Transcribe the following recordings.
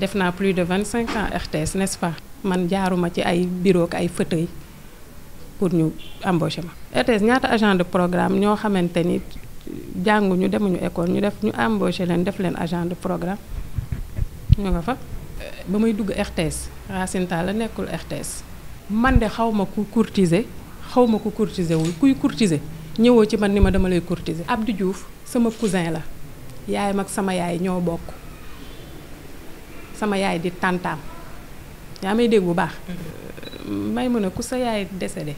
def naa plus de vingt cinq ans RTS nest pas man jaaruma ci ay bureau ak ay fauteuil pour ñu embaucher ma. RTS ñaata agent de programme ñoo xamante ni jànguñu demuñu école ñu def ñu embaucher leen def leen agent de programme ñu nga fa. ba may dugg RTS Racine Talla la nekkul RTS man de xaw ma ku courtiser xaw ma ku courtiser kuy courtiser ñëwoo ci man ni ma dama lay ab Abdou Diouf sama cousin la yaayam ak sama yaay ñoo bokk. sama yaay di tàntaam yaa may dégg bu baax mhm. euh, may mën a ku sa yaay décédé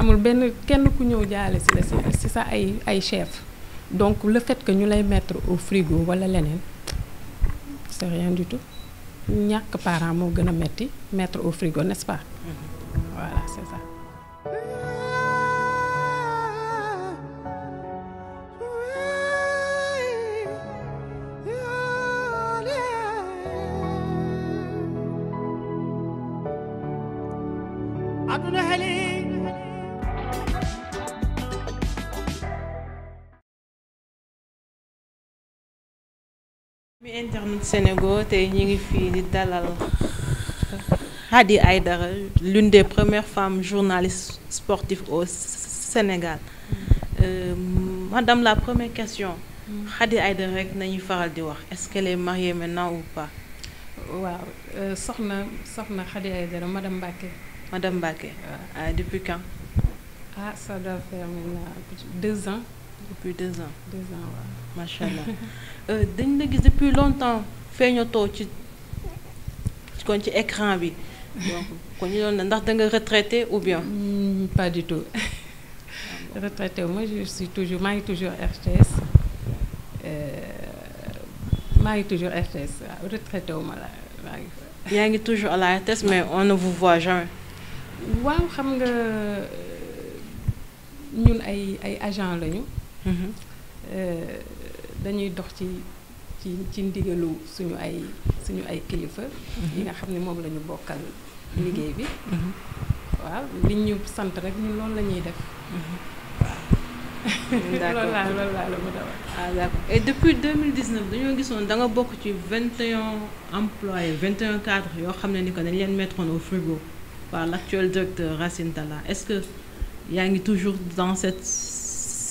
amul benn kenn ku ñëw jaale si la si sa ay ay chef donc le fait que ñu lay mettre au frigo wala leneen c'est rien ñàkk parent moo gën a metti mettre au frigo n'est-ce pas mhm. voilà mi internet Sénégal tey ñu ngi fii di dalal Hady Aïdara l'une des premières femmes journalistes sportif au Sénégal euh, madame la première question Hady Aïdara rek nañu faral di wax est-ce qu'elle est mariée maintenant waaw euh, soxna soxna Hady Aïdara madame Mbacké madame Mbacké ah, depuis quand ah ça doit faire maintenant deux ans depuis deux ans. deux ans waaw macha allah dañ la gis depuis longtemps feeñatoo ci kon ci écran bi donc kon ñu doon ndax da nga retraité ou bien. Hmm, pas du tout ah retraité wu ma toujours maa ngi toujours RTS euh, maa ngi toujours RTS waaw retraité wu ma la maa ngi fa. yaa ngi toujours à la RTS mais on ne vous voit jamais. waaw xam nga ñun ay ay agent lañu. Mhm. Euh, dañuy dox ci ci ci ndigalu suñu ay suñu ay kilifa. Mhm. yi nga xam ni moom la ñu bokkal mhm. liggéey bi. waaw liñ ñu sant rek ñun loolu la ñuy def. d'accord loolu laa la mën a wax. ah d'accord et depuis 2019 dañoo gisoon da nga bokk ci 21 vingt 21 cadres yoo xam ne ni que dañ leen mettroon au frigo par l'actuel directeur Racine Talla est-ce que yaa ngi toujours dans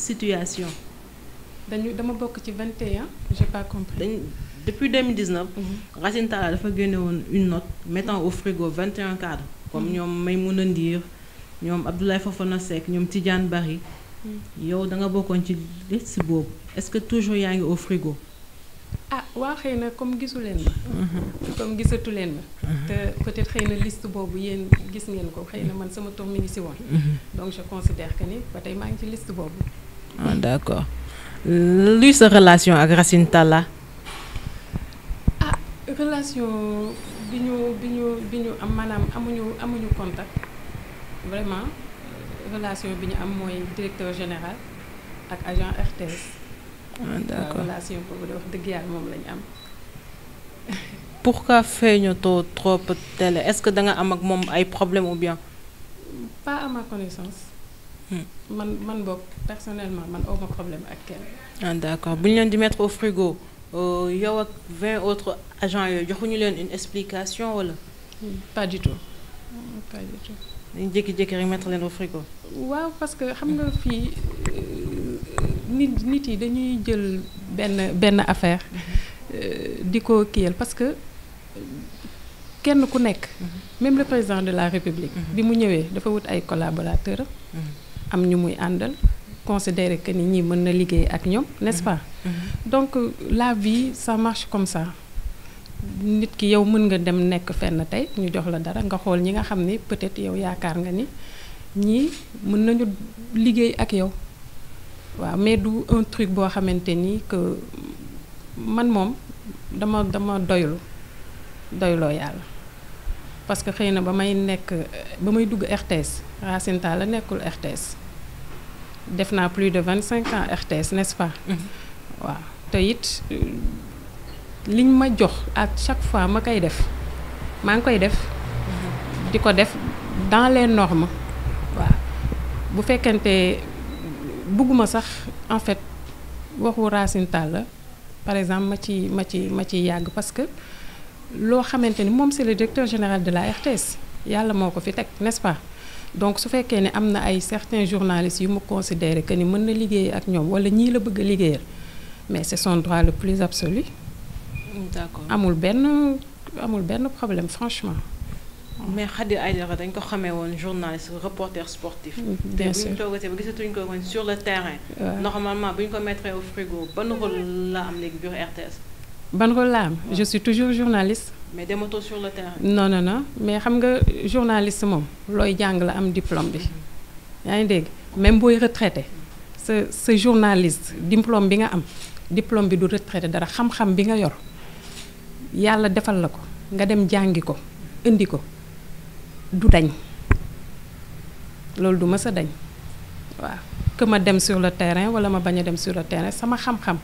situation. dañu dama bokk ci 21 je pas compris. dañ depuis 2019. Mhm. Racine Talla dafa génne woon une note mettant au frigo 21 cadres. comme mhm. ñoom may Maymouna Ndir ñoom Abdoulaye Fofana Seck ñoom Tidiane Barry. Mhm. yow da nga bokkoon ci liste boobu est-ce que toujours yaa ngi au frigo. ah waa xëy na comme gisu leen ma comme gisatu leen ma te peut xëy na list boobu yéen gis ngeen ko xëy na man sama tour mi ngi woon donc je considère que ni ba ngi ci liste boobu ah d' accord luy sa relation ak Racine ah relation bi ñu bi ñu bi ñu am maanaam amuñu amuñu contact vraiment relation bi ñu am mooy directeur général ak agent rt ah d' relation boobu de dëgg yàlla moom la ñu am. pourquoi feeñatoo trop télé est-ce que da nga am ak moom ay problème ou bien. pas à ma connaissance. Hmm. man man boog personnellement man aw problème ak kenn. ah d'accord bu leen di mettre au frigo euh, yow ak vingt autres agents yooyu joxuñu leen une explication wala. Hmm, pas du tout hmm, pas du tout. dañu jékki-jékki rek mettre leen au frigo. waaw parce que xam nga fii euh, nit nit yi dañuy jël benn benn affaire euh, di ko kiyal parce que. kenn ku nekk mhm. même le président de la république mhm. bi mu ñëwee dafa wut ay collaborateurs mhm. am ñu muy àndal considérer que ni ñii mën na liggéey ak ñoom nest pas mm-hmm. donc la vie sa marche comme ça nit ki yow mën nga dem nekk fenn tey ñu jox la dara nga xool ñi nga xam ni peut-être yow yaakaar nga ni ñii mën nañu liggéey ak yow waaw mais du un truc boo xamante ni que man moom dama dama doylu doyloo yàlla parce que xëy na ba may nekk ba may dugg RTS Racine la nekkul RTS def naa plus de vingt cinq ans RTS n'est-ce pas. Mm-hmm. waaw te it liñ ma jox ak chaque fois ma koy def maa ngi koy def. Mm-hmm. di ko def dans les normes waaw bu fekkente bugguma sax en fait waxu Racine la par exemple ma ci ma ci ma ci yàgg parce que. loo xamante ni moom c'est le directeur général de la RTS yàlla moo ko fi teg n'est-ce pas donc su fekkee ne am na ay certains journalistes yu mu considéré que ni mën na liggéey ak ñoom wala ñii la bëgg a liggéeyal mais c'est son droit le plus absolu amul benn amul benn problème franchement mais Khady Aïdara dañ ko xamee woon journaliste reporter sportif. bien sûr te bu ñu toogatee ba gisatuñ ko woon sur le terrain. normalement bu ñu ko mettre au frigo ban rôle la am léegi RTS. ban rôle laa am je suis toujours journaliste. mais dematoo sur le terrain. non mais xam nga journaliste moom looy jàng la am diplôme bi yaa ngi dégg même booy retraité sa sa journaliste diplôme bi nga am diplôme bi du retraité dara xam-xam bi nga yor yàlla defal la ko nga dem jàngi ko indi ko du dañ loolu du ma sa dañ waaw que ma dem sur le terrain wala ma bañ a dem sur le terrain sama xam-xam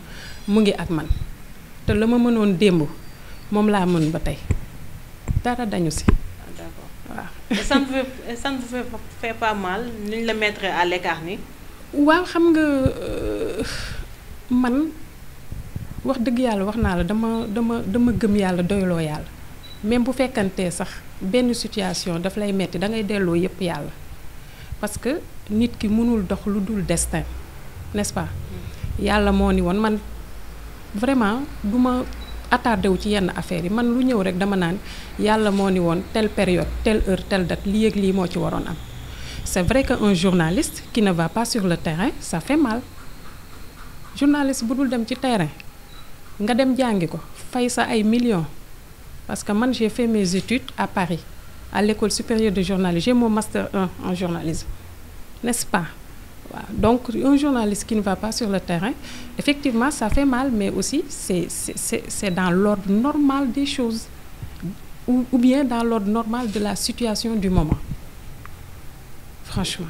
mu ngi ak man. te la ma mënoon démb moom laa mën ba tey dara dañu si. Ah, d'accord waaw. la mettre à l'écart ni waaw xam nga euh, man wax dëgg yàlla wax naa la dama dama dama gëm yàlla doyloo yàlla même bu fekkantee sax benn situation daf lay metti dangay delloo yépp yàlla parce nit ki mënul dox lu dul destin n'est-ce mm. yàlla moo ni woon man vraiment du ma wu ci yenn affaires yi man lu ñëw rek dama naan yàlla moo ni woon telle période telle heure telle date lii ak lii moo ci waroon am c'est vrai que un journaliste qui ne va pas sur le terrain sa femal mal journaliste bu dul dem ci terrain nga dem jàngi ko fay sa ay millions parce que man j'ai fait mes à Paris à l'école supérieure de journalisme j'ai mon master un en journalisme n'est-ce pas waaw donc un journaliste qui ne va pas sur le terrain effectivement ça fait mal mais aussi c'est c'est c'est dans l'ordre normal des choses ou, ou bien dans l'ordre normal de la situation du moment franchement.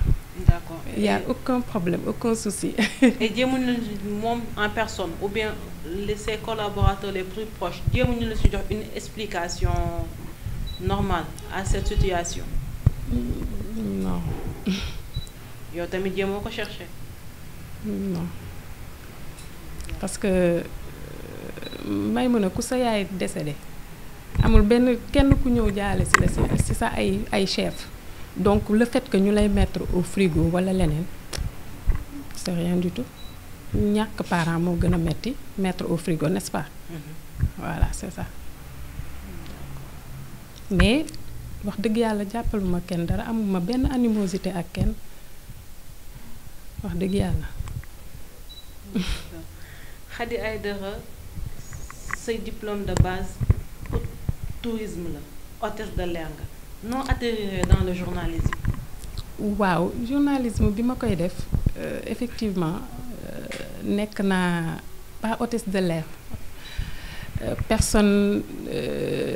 d'accord il y a aucun problème aucun souci. et jéemuñu la moom en personne ou bien ses collaborateurs les plus proches jéemuñu la si jox une explication normale à cette situation. non. yow tamit jéemoo ko cherché. non parce que euh, may mën a ku sa yaay décédé amul benn kenn ku ñëw jaale si la si sa ay ay chef donc le fait ñu lay mettre au frigo wala leneen c'est ñàkk parent moo gën a metti mettre au frigo n'est-ce pas. Mm-hmm. c'est ça mais wax dëgg yàlla jàppaluma kenn dara amul ma benn animosité ak kenn. wax dëgg yàlla. Khady Aïdara say diplôme de base tourisme la hôtesse de l'air nga noo atterrir dans le journalisme. waaw journalisme bi ma koy def euh, effectivement euh, nekk naa pas hôtesse de l'air euh, personne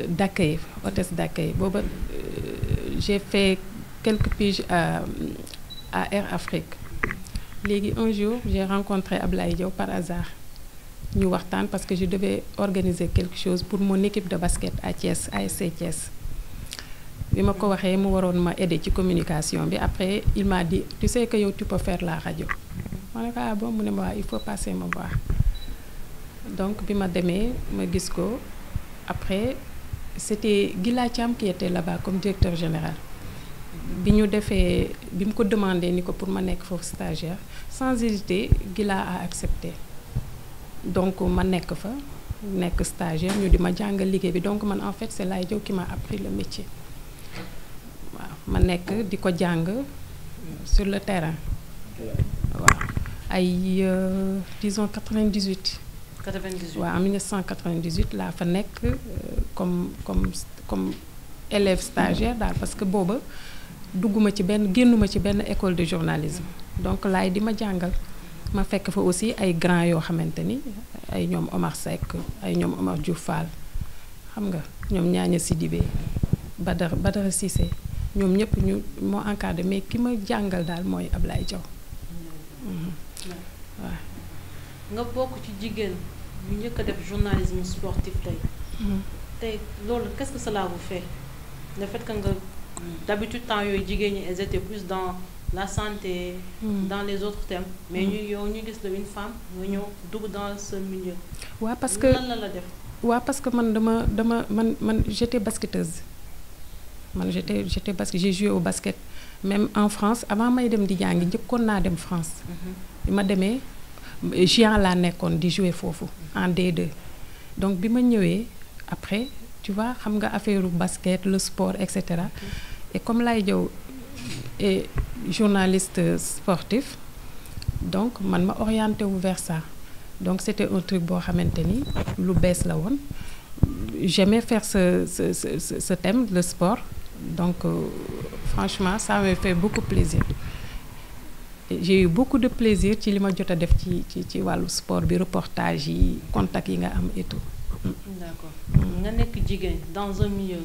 d'accueil hôtesse d'accueil booba j'ai fait quelques piges à Air Afrique. léegi un jour j'ai rencontré Ablaye Diaw par hasard ñu waxtaan parce que je devais organiser quelque chose pour mon équipe de basket à Thiès ASC Thiès bi ma ko waxee mu waroon ma aider ci communication bi après il m'a dit tu sais yow tu peux faire la rajo ma ne ko ah mu ne ma waa il faut passer ma voir donc bi ma demee ma gis ko après c'était Gila Thiam qui était là-bas comme directeur général bi ñu defee bi mu ko demandé ni ko pour ma nekk foofu stagiaire sans hésiter Gila a accepté donc ma nekk fa nekk stagiaire ñu di ma jàngal liggéey bi donc man en fait c'est Laye Diaw qui m'a appris le métier waaw ma nekk di ko jàng sur le terrain waaw ay euh, disons 98. 98 waaw en 1998 laa fa nekk euh, comme comme comme élève stagiaire daal parce que booba. dugguma ci benn génnuma ci benn école de journalisme donc laay di ma jàngal ma fekk fa aussi ay grand yoo xamante ni ay ñoom Omar Seck ay ñoom Omar Diouf Fall xam nga ñoom Ñaaña Sidibé Badara Badara Cissé ñoom ñëpp ñu moo encadré mais ki ma jàngal daal mooy Ablaye Diaw mhm. waaw nga bokk ci jigéen ñu njëkk a def journalisme sportif tey mhm. tey loolu qu'est-ce que cela vous fait le fait que nga d'habitude temps yooyu jigéen ñi elles étaient la santé hmm. dans les autres mais hmm. ñu yow ñu gis la femme nga ñëw dugg dans ce milieu parce que la la def waaw parce que man dama dama man man j'étais basketteuse man j'étais j'étais basket j'ai joué au basket même en France avant may dem di jàngi njëkkoon naa dem France mhm. bi ma demee Gian laa nekkoon di jouer foofu en d donc bi ma ñëwee après tu xam nga affaire basket le sport et cetera comme lay Diaw est journaliste sportif donc man ma orienté wu vers ça donc c'était un truc boo xamante ni lu bees la woon j'aimais faire ce ce ce ce le sport donc euh, franchement ça m'a fait beaucoup plaisir j'ai beaucoup de plaisir ci li ma jot a def ci ci ci wàllu sport bi reportage yi contact yi nga am et d'accord nga nekk jigéen dans un milieu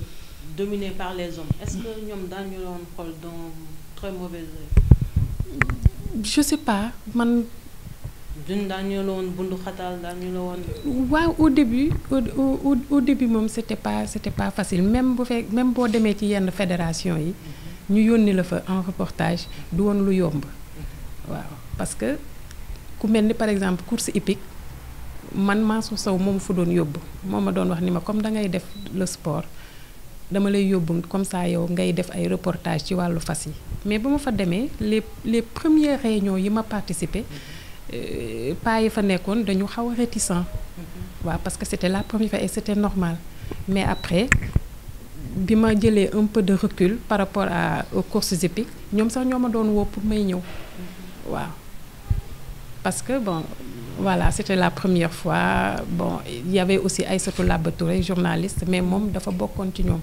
dominé par les hommes est-ce que ñoom daañu doon xool dans très mauvais oeil. je sais pas man. duñ daañu la woon bundu xataal daañu la woon. waaw au début au au au début moom c'était pas c'était pas facile même bu fekk même boo demee ci yenn fédération yi. Mhm. ñu yónni la fa en reportage du woon lu yomb. Mhm. waaw parce que ku mel ni par exemple course hippique. man Mansour Sow moo ma fa doon yóbbu moo ma doon wax ni ma comme dangay def le sport dama lay yóbbu comme ça yow ngay def ay reportage ci wàllu fas yi mais ba ma fa demee les les premières réunions yi ma participer euh, paa yi fa nekkoon dañu xaw a réticent waaw parce que c'était la première fois et c'était normal mais après bi ma jëlee un peu de recul par rapport à aux courses ñoom sax ñoo ma doon woo pour may ñëw waaw parce que bon voilà c'était la première fois bon il y avait aussi Aïssatou Laba Touré mais moom dafa bokkoon ci ñoom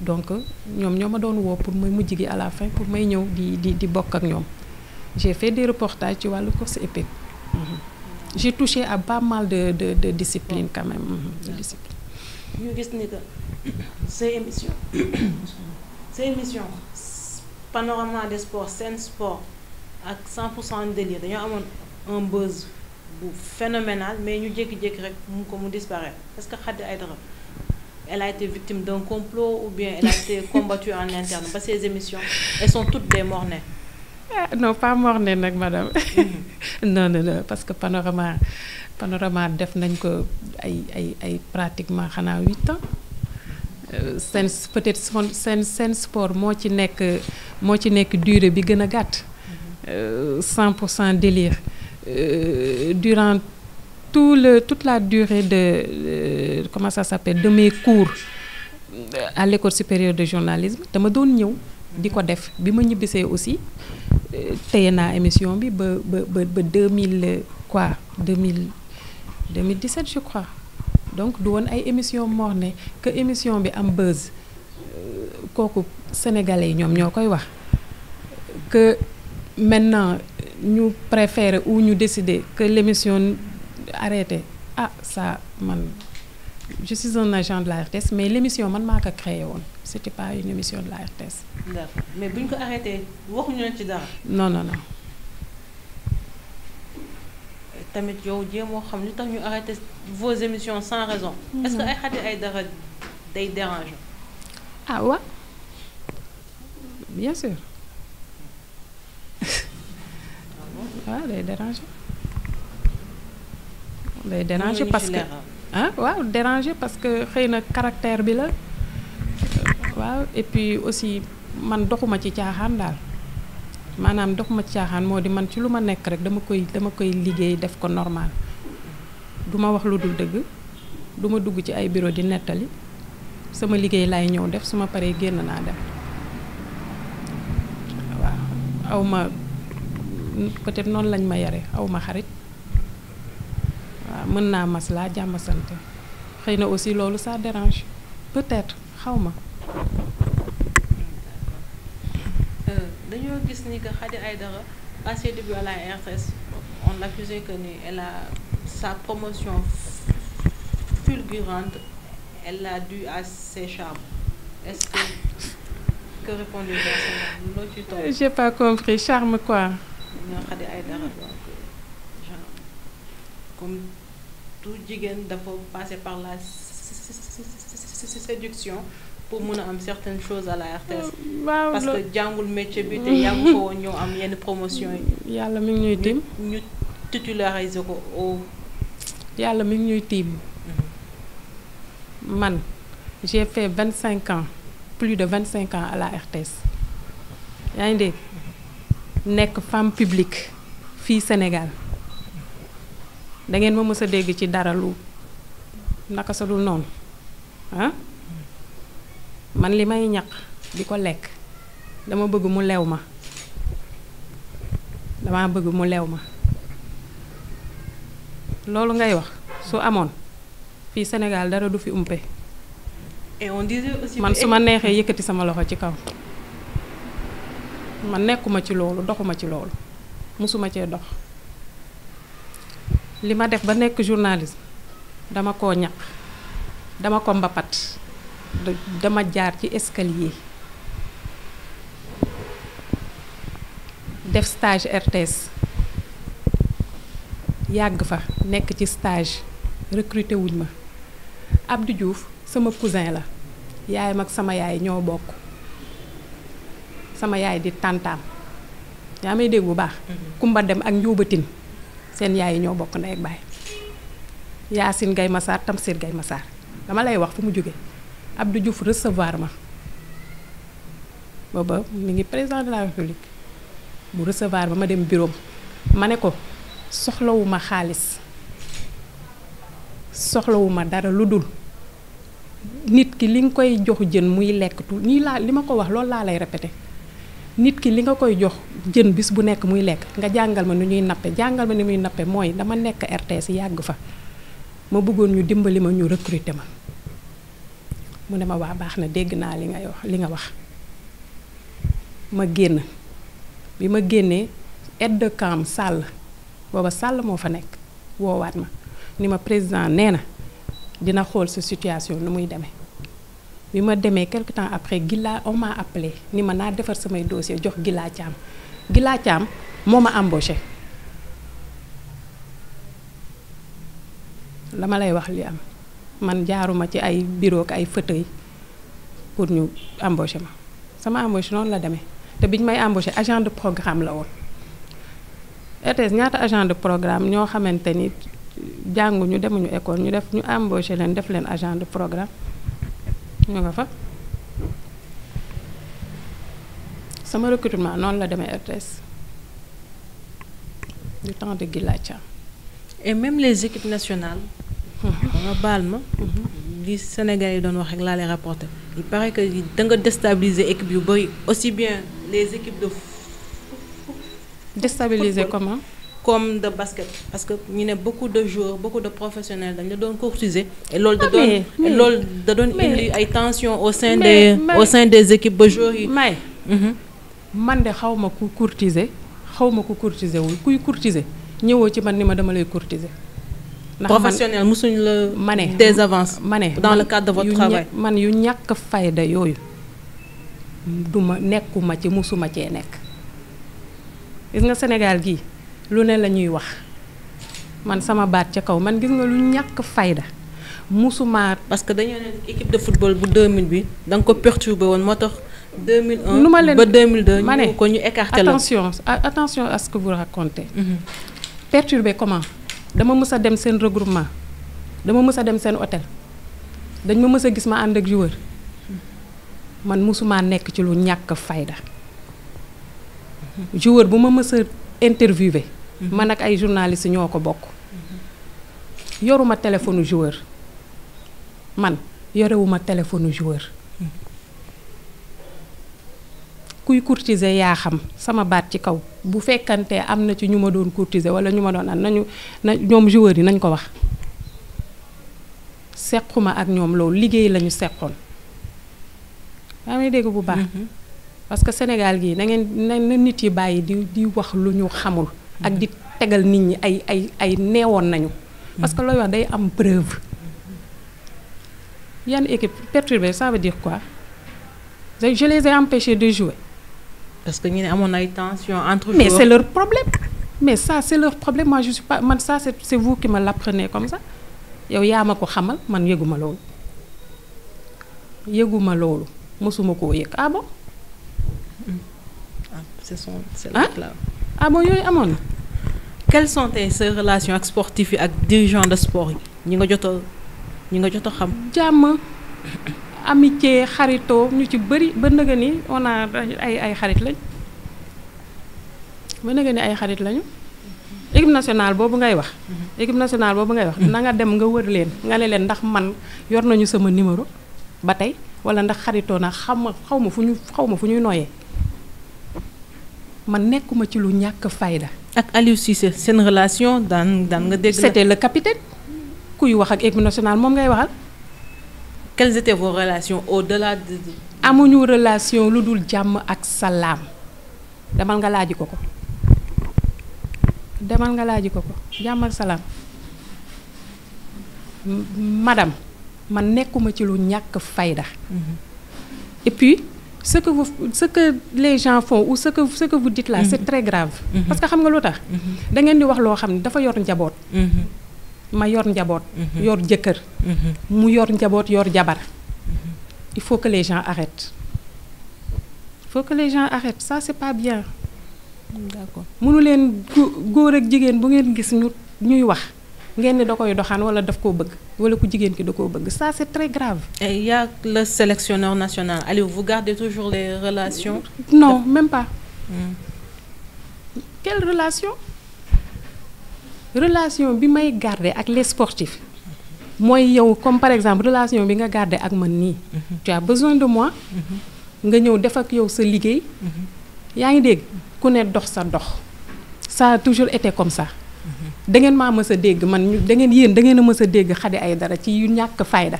donc ñoom ñoo ma doon woo pour may mujj gi à la fin pour may ñëw di di di bokk ak ñoom j'ai fait des reportages ci wàllu course épique mhm. j'ai touché à pas mal de de de discipline quand même mhm, de discipline ñu gis ni que sa émission sa émission panorama des sports Sen Sport ak 100 pour cent délire dañoo amoon un buzz bu phénoménal mais ñu jékki-jékki rek mu ko mu disparaître parce que Khady Aïdara elle a été victime d'un complot ou bien elle a été combattue en interne ba ses émissions elles sont toutes des mornées ah pas mornées nag madame mm-hmm. non non non parce que Panorama Panorama def nañ ko ay ay ay pratiquement xanaa huit ans euh, seen être seen seen sport moo ci nekk moo ci nekk durée bi gën a gàtt mm-hmm. euh, cent pour cent délire euh, durant tout le tout la durée de euh, comment ça s'appelle de mes cours à l'école supérieure de journalisme dama doon ñëw di ko def bi ma ñibbisee aussi euh, téye naa émission bi ba ba ba deux mille quoi deux mille deux mille dix-sept je crois donc du woon ay émission moo ne que émission bi am buzz euh, kooku sénégalais yi ñoom ñoo koy wax que maintenant. ñu préférer ou ñu décider que l'émission arrêtée ah ça man je suis un agent de la RTS mais l'émission man maa ko créé woon c'était pas une émission de la RTS. d'accord mais bu ñu ko arrêté waxuñu leen ci dara. non non non. tamit yow jéemoo xam li tax ñu arrêté vos émissions sans raison. est-ce que ay xati ay dara day dérange ah waaw bien sûr. ah day déranger day parce que ah waaw déranger parce que xëy na caractère bi la waaw et puis aussi man doxuma ci caaxaan daal maanaam doxuma ci caaxaan moo di man ci lu ma nekk rek dama koy dama koy liggéey def ko normal du ma wax lu dul dëgg du ma dugg ci ay bureau di nettali sama liggéey laay ñëw def su ma paree génn naa dem waaw awma peut noonu lañ ma yare aw ma xarit waaw mën naa mas laa sant xëy na aussi loolu ça dérange peut-être xaw ma. Euh, dañoo gis ni que Khady ay dara ses débuts à la RTS on l'accusait que ni elle a sa promotion fulgurante elle l'a due à ses est que que répondez-vous pas compris charme quoi. ñoo xam ay dara donc euh, genre comme tout jigéen dafa passer par la séduction pour mun a am certaines choses à la RTS. Euh, waaw parce que jàngul métier bi te mm. yàgg ko ñoo am yenn promotion yi. yàlla mi ngi ñuy tiim ñu titulariser ko au. yàlla mi ngi ñuy tiim mm-hmm. man j'ai fait vingt cinq ans plus de vingt cinq ans à la RTS yaa ngi nekk femme publique fii Sénégal dangeen ma mës a dégg ci dara lu naka sa dul noonu ah man li may ñaq di ko lekk dama bëgg mu lew ma dama bëgg mu lew ma loolu ngay wax su amoon fii Sénégal dara du fi umpe. et on man su ma neexee yëkkati sama loxo ci kaw. ma nekkuma ci loolu doxuma ci loolu mosuma cee dox li ma def ba nekk journaliste dama koo ñaq dama ko mbapat dama jaar ci escalier def stage RTS yàgg fa nekk ci stage recruté wuñ ma Abdou Diouf sama cousin la yaayam ak sama yaay ñoo bokk sama yaay di tàntaam yaa may dégg bu baax mhm. kumba dem ak njuubatin seen yaay yi ñoo bokk ndey ak baay yaasin gay masaar tamsir gay masaar dama lay wax fu mu jóge Abdou juf resevoir ma booba mi ngi président de la république mu resevoir ma ma dem buroom ma ne ko soxlawuma xaalis soxlawuma dara lu dul nit ki li nga koy jox jën muy lekk tu nii laa li ma ko wax loolu laa lay répété nit ki li nga koy jox jën bis bu nekk muy lekk nga jàngal ma nu ñuy nappe jàngal ma ni muy nappe mooy dama nekk RTS yàgg fa ma bëggoon ñu dimbali ma ñu recruter ma mu ne ma waa baax na dégg naa li nga wax li nga wax ma génn bi ma génnee aide de camp Sall booba Sall moo fa nekk woowaat ma ni ma président nee na dina xool sa situation nu muy demee bi ma demee quelque temps après Gila on m'a appelé ni ma naa defar samay dossier jox Gila Thiam Gila Thiam moo ma embauché dama lay wax li am man jaaruma ci ay bureau ak ay fauteuil pour ñu embauché ma sama embauché noonu la demee te biñ may embauché agent de programme la woon RTS ñaata agent de programme ñoo xamante ni jànguñu demuñu école ñu def ñu embauché leen def leen agent de programme ñu nga fa sama recrutement noonu la demee RTS du temps de Gila Thiam même les équipes nationales. Mhm. nga baal ma. Mhm. li Sénégal yi doon wax rek laa lay rapporter. il paraît que da nga déstabiliser équipe yu bëri aussi bien les équipes de. déstabiliser comment. comme de basket parce que ñu ne beaucoup de joueurs beaucoup de professionnels dañ la doon courtiser. et loolu da ah, doon loolu da doon ay tensions au sein des au sein des équipes ba joueurs yi. may mhm. man de xaw ma ku courtiser xaw ma ku courtiser wul kuy courtiser ñëwoo ci man ni ma dama lay courtiser. ndax professionnel mosuñu la. ma ne des avances. ma ne dans le cadre de votre travail man yu ñàkk fayda yooyu duma nekkuma ci mosuma cee nekk gis nga Sénégal gii. lu ne la ñuy wax man sama baat ca kaw man gis nga lu ñàkk fayda musuma parce que dañoo ne équipe de football bu 2000 bi danga ko perturbé woon moo tax. 2001 nu ma leen ba ma ne ko ñu écarté la attention attention à ce que vous racontez. Mhm. perturbé comment dama mës a dem seen regroupement dama mës a dem seen hôtel dañ ma mës a gis ma ànd ak joueur man musumaa nekk ci lu ñàkk fayda mhm. joueur bu ma mësa a man ak ay journaliste ñoo ko bokk yoruma téléphone joueur man yorewuma téléphone joueur kuy courtisé yaa xam sama baat ci kaw bu fekkante am na ci ñu ma doon courtiser wala ñu ma doon am nañu na ñoom joueurs yi nañ ko wax sequma ak ñoom loolu liggéey lañu seqoon daa may dégg bu baax mm-hmm. parce que Sénégal gii na ngeen na nit yi bàyyi di di wax lu ñu xamul ak di tegal nit ñi ay ay ay neewoon nañu. parce que looy wax day am preuve. yenn équipe perturbée ça veut dire quoi je, je les ai empêchés de parce que ñu ne amoon ay tension entre. mais c'est leur problème mais ça c'est leur problème moi je suis man ça c'est c'est vous qui me l'apprenez comme yow yaa ma ko xamal man yëguma loolu yëguma loolu mësuma koo yëg ah bon. Ah, son c'est là. ah yooyu amoon na quelles sont tes sa relation ak sportif yi ak dirigeant de sport yi ñi nga jot ñi nga jot xam. jàmm amitié xaritoo ñu ci bëri ba nga ni on ay ay xarit lañ ba nga ay xarit lañu. équipe national boobu ngay wax. Mhm. équipe nationale boobu ngay wax. na nga dem nga wër leen nga leen ndax man yor nañu sama numéro ba tey wala ndax xaritoo na xam xaw ma fu ñu xaw ma fu ñuy nooyee. man nekkuma ci lu ñàkk fayda. ak Aliou Cissé seen relation daan daan nga dégg. c'était la capitaine kuy wax ak équipe nationale moom ngay waxal. quelles étaient vos relations amuñu relation lu dul jàmm ak salaam demal nga laaji ko ko demal nga laaji ko ko jàmm ak salaam madame man nekkuma ci lu ñàkk fayda mm-hmm. et puis. ce que vous ce que les gens font ou ce que ce que c'est mm-hmm. très grave mm-hmm. parce que xam nga lu tax mm-hmm. da ngeen di wax loo xam ne dafa yor njaboot ma yor njaboot yor jëkkër mu yor njaboot yor jabar il faut que les gens arrêtent il les gens arrêtent ça c'est pas bien d'accord mënu leen góor ak jigéen bu ngeen gis ñu ñuy wax ngeen ne da koy doxaan wala daf koo bëgg wala ku jigéen ki da koo bëgg ça c'est très grave. et y a sélectionneur national allez vous gardez toujours les relations. non même pas. Mm. quelle relation. relation bi may garder ak les sportif mooy yow comme par exemple relation bi nga garder ak man nii. Mhm. tu besoin de moi. Mhm. nga ñëw def ak yow sa liggéey. Mhm. yaa ngi dégg ku ne dox sa dox. sa toujours été comme ça. da ngeen maa mës a dégg man ñu da yéen da ngeen a mës a dégg Khady Aïdara ci yu ñàkk fayda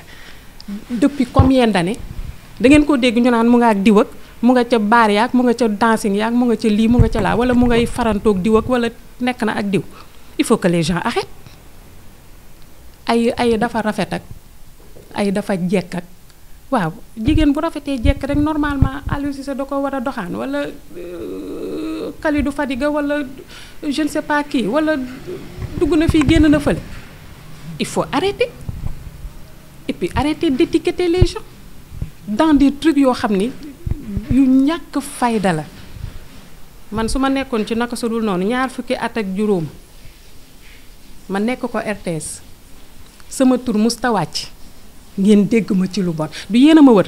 depuis comme d'années da ngeen koo dégg ñu naan mu nga ak diw ak mu nga ca baar yaag mu nga ca dancing yaag mu nga ca lii mu nga ca laa wala mu ngay farantoog diw ak wala nekk na ak diw il faut que les gens arrêtent ay ay dafa rafet ak ay dafa jekk ak waaw jigéen bu rafetee jekk rek normalement Aliou Cissé da ko war a doxaan wala euh, Kalidou Fadiga wala je ne sais pas wala dugg na fii génn na fële il faut arrêter et puis arrêter d'étiqueter les gens dans des trucs yoo xam ni yu ñàkk fayda la man su ma nekkoon ci naka su dul noonu ñaar fukki at ak juróom ma nekk ko RTS sama tur musta wàcc ngeen dégg ma ci lu bon du yéen a ma wër.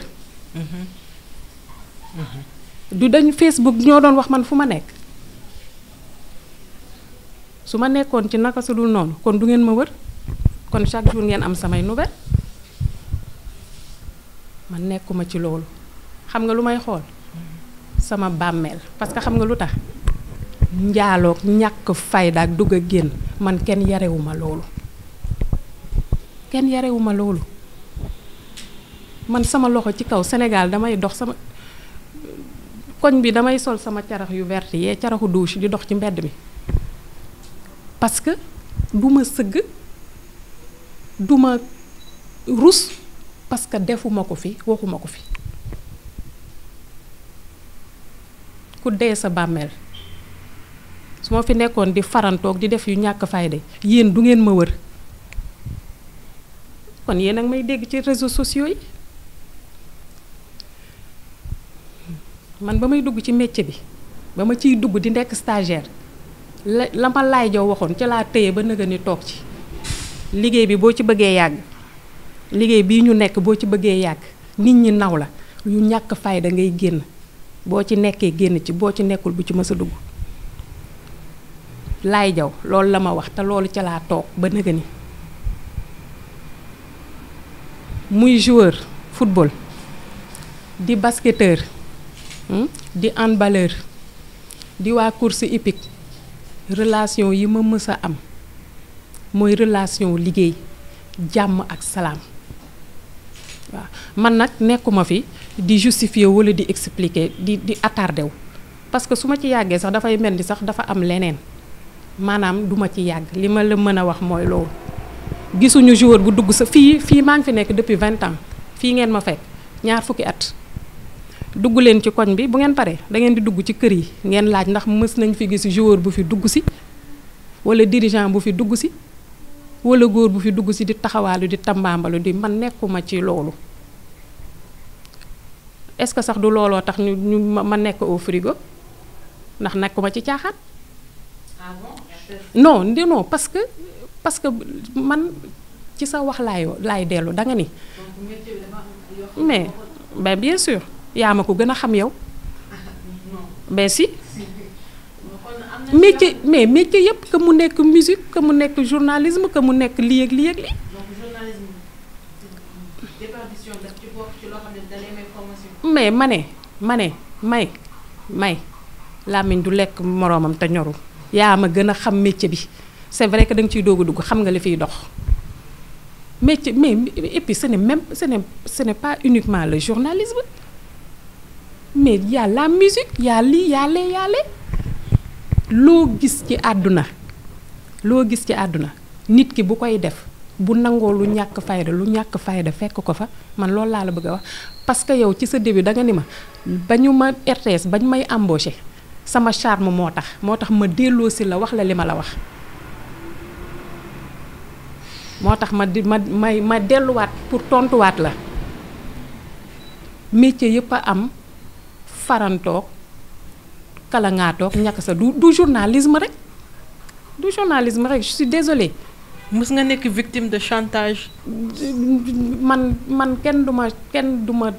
Mm-hmm. Mm-hmm. du dañ Facebook ñoo doon wax man fu ma nekk su ma nekkoon ci naka su dul noonu kon du ngeen ma wër kon chaque jour ngeen am samay nouvelle man nekkuma ci loolu xam nga lu may xool sama bàmmeel parce que xam nga lu tax njaaloog ñàkk fayda ak dugg a génn man kenn yarewuma loolu kenn yarewuma loolu man sama loxo ci kaw Sénégal damay dox sama koñ bi damay sol sama carax yu vert yee caraxu douche di dox ci mbedd mi parce que du ma sëgg du ma rus parce que defuma ko fi waxuma ko fi ku dee sa bàmmeel su ma fi nekkoon di farantoog di def yu ñàkk fayde yéen du ngeen ma wër kon yéen a may dégg ci réseaux sociaux yi man ba may dugg ci métier bi ba ma ciy dugg di nekk stagiaire la la ma laay jow waxoon ca laa téye ba nëga ni toog ci liggéey bi boo ci bëggee yàgg liggéey bii ñu nekk boo ci bëggee yàgg nit ñi naw la yu ñàkk fayda ngay génn boo ci nekkee génn ci boo ci nekkul bu ci mës a dugg laay jaw loolu la ma wax te loolu ca laa toog ba nëga ni muy joueur football di basketteur Hmm? di en handballeur di waa course hippique relation yi ma mësa am mooy relation liggéey jàmm ak salaam waaw man nag nekkuma fi di justifier wala di expliquer di di attardé wu parce que su ma ci yàggee sax dafay mel ni sax dafa am leneen maanaam duma ci yàgg li ma la mën a wax mooy loolu gisuñu joueur bu dugg sa fii fii maa ngi fi nekk depuis vingt ans fii ngeen ma fekk ñaar fukki at dugg leen ci koñ bi bu ngeen paree da ngeen di dugg ci kër yi ngeen laaj ndax mës nañ fi gis joueur bu fi dugg si wala dirigeant bu fi dugg si wala góor bu fi dugg si di taxawaalu di tambaambalu di man ma ci loolu est-ce que sax du looloo tax ñu ñu ma nekk au frigo ndax nekkuma ci caaxaan. ah bon non non parce que parce que man ci sa wax laay laay dellu da nga ni. mais ben bien sûr. yaa ma ko gën a xam yow. mais si. métier mais métier yëpp que mu nekk musique que mu nekk journalisme que mu nekk lii ak lii ak lii. mais ma ne ma ne may may làmmiñ du lekk moroomam te ñorul yaa ma gën a xam métier bi c'est vrai que da nga ciy doog dugg xam nga li fiy dox métier mais et puis ce n'est même ce n'est ce n'est pas uniquement le journalisme. mais y a la musique y loo gis ci àdduna loo gis ci àdduna nit ki bu koy def bu nangoo lu ñàkk fayda lu ñàkk fayda fekk ko fa man loolu laa la bëgg a wax parce que yow ci sa début da nga ni ma ba ñu ma RTS ba ñu may embauché sama charme moo tax moo tax ma delloo si la wax la li ma la wax moo tax ma di ma delluwaat pour tontuwaat la métier yëpp a am farantoog kalangaatoog ñàkk sa du du journalisme rek du journalisme rek je suis désolée. nga nekk victime de chantage. man man kenn du kenn du ma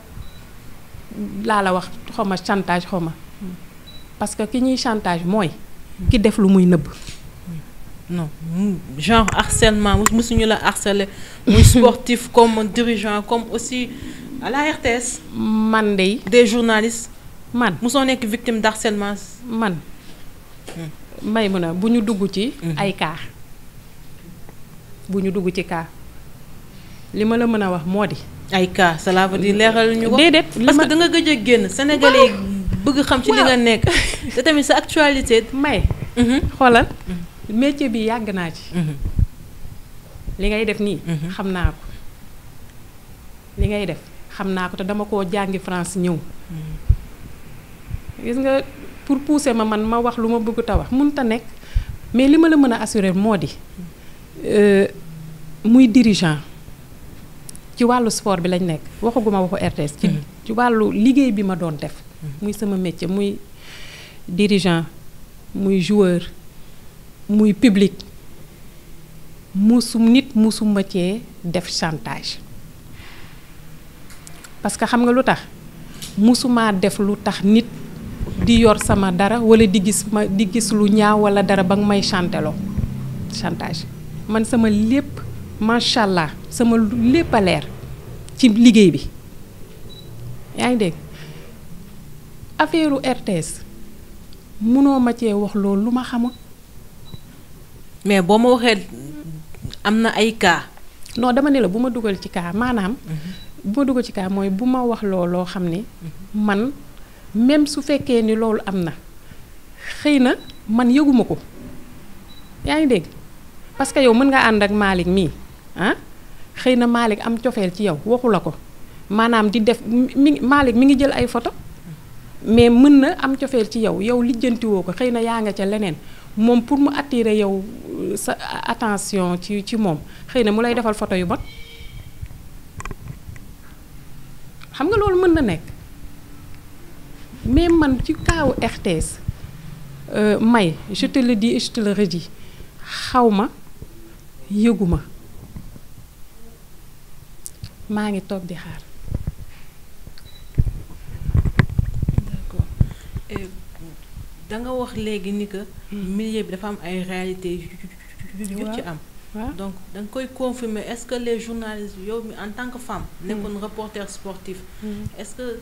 wax xaw ma chantage xaw ma que ki ñuy chantage mooy. ki def lu muy nëbb. non genre harcèlement mësuñu la harceler muy sportif comme dirigeant comme aussi à la RTS. man de des man mosoo nekk victime d'harcèlement man hmm. may mun a bu ñu dugg ci hmm. ay kaa bu ñu dugg ci kaa li ma la mën a wax moo di ay cas cela veut leeral ñu ko déedéet parce que da nga gëj a génn sénégalais bëgg xam ci li nekk te tamit sa may mhm. xoolal mhm. bi yàgg naa ci mhm. li ngay def nii xam naa ko li ngay def xam naa ko te dama koo jàngi France ñëw gis nga pour pousser ma man ma wax lu ma bëgg ta wax mënut a nekk mais li ma la mën a assurer moo di euh, muy dirigeant ci wàllu sport bi lañ nekk waxaguma waxu RTS. ci mm-hmm. ci wàllu liggéey bi ma doon def. Mm-hmm. muy sama métier muy dirigeant muy joueur muy public musu nit musuma ci def chantage parce que xam nga lu tax musumaa def lu tax nit. di yor sama dara wala di gis ma di gis lu ñaaw wala dara ba nga may chanteloo chantage man sama lépp macha allah sama lépp a leer ci liggéey bi yaa ngi dégg affaire RTS munoo ma cee wax loolu lu ma xamul. mais boo ma waxee am na ay kaa noo dama ne bu ma dugal ci cas maanaam. Mhm. bu ma dugal ci cas mooy bu ma wax loo xam ne mhm. man. même su fekkee ni loolu am na xëy na man yëguma ko yaa ngi dégg parce que yow mën nga ànd ak Malick mii ah, xëy na Malick am cofeel ci yow waxu la ko maanaam di def mi Malick mi ngi jël ay photo mais mën na am cofeel ci yow yow lijjantiwoo ko xëy na yaa nga ca leneen moom pour mu attirer yow euh, sa attention ci ci moom xëy na mu lay defal photo yu bon xam nga loolu mën na nekk mais man ci kaawu RTS euh, may je te le dis et je xaw ma yëguma maa ngi toog di xaar. d'accord da wax léegi ni que. Hmm. milieu bi dafa am ay réalités yu ci am. donc da koy confirmer est-ce que les journalistes yow mi en tant que femme. nekkoon hmm. reporter sportif. Hmm. est-ce que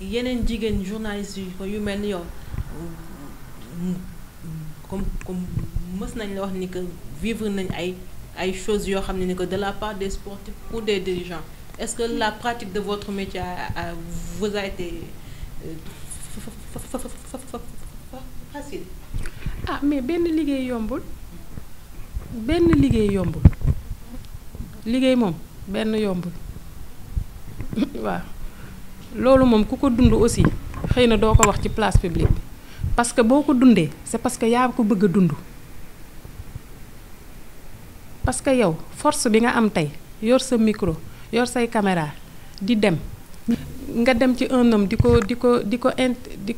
yeneen jigéen journaliste yu mel ni yow comme comme mës nañ la wax ni que vivre nañ ay ay choses yoo xam ne ni que de la part des sportifs ou des dirigeants est-ce que la pratique de votre métier a vous a été facile. ah mais benn liggéey yombul benn liggéey yombul liggéey moom benn yombul waaw. loolu moom ku ko dund aussi xëy na doo ko wax ci place publique bi parce que boo ko dundee c'est parce que yaa ko bëgg a dund parce que yow force bi nga am tey yor sa micro yor say caméra di dem nga dem ci un homme di ko di ko di ko in di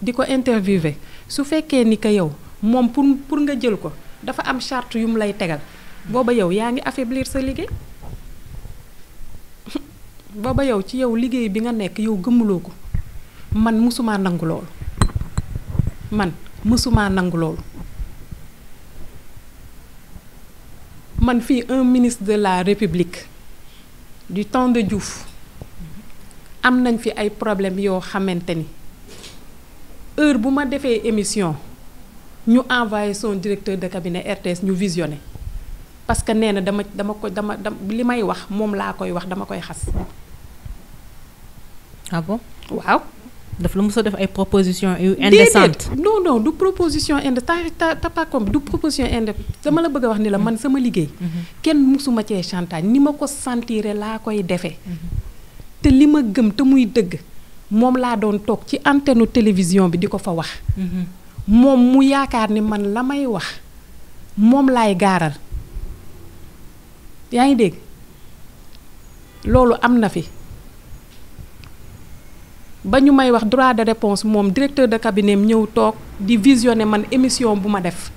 di ko interviewé su fekkee ni que yow moom pour pour nga jël ko dafa am charte yu mu lay tegal booba yow yaa ngi affaiblir sa liggéey ba yow ci yow liggéey bi nga nekk yow gëmmuloo ko man mësumaa nangu loolu man mësumaa nangu loolu man fii un ministre de la république du temps de Diouf am nañ fi ay problème yoo xamante ni heure bu ma defee émission ñu envoyé son directeur de cabinet RTS ñu visionné parce que nee na dama dama ko dama dama li may wax moom laa koy wax dama koy xas ah bon waaw. daf la mos a def ay proposition yu indécente non du proposition inde ta ta tapacom du proposition inde dama la bëgg a wax ni la man sama liggéey mhm. kenn mosuma cee chantagne ni ma ko sentire laa koy defee mhm. te li ma gëm te muy dëgg moom laa doon toog ci antenne télévision bi di ko fa wax mhm. moom mu yaakaar ni man la may wax moom lay gaaral yaa ngi dégg loolu am na fi ba ñu may wax droit de réponse moom directeur de cabinet ñëw toog di visionner man émission bu ma def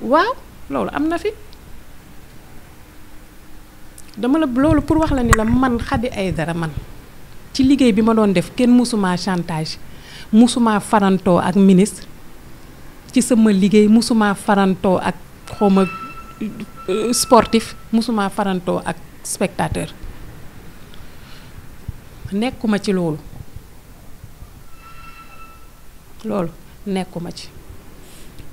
waaw loolu am na fi dama la loolu pour wax la ni la man ay dara man ci liggéey bi ma doon def kenn mësuma chantage mësuma farantoo ak ministre ci sama liggéey mësuma farantoo ak xawma euh, sportif mësuma farantoo ak spectateur nekkuma ci loolu loolu nekkuma ci.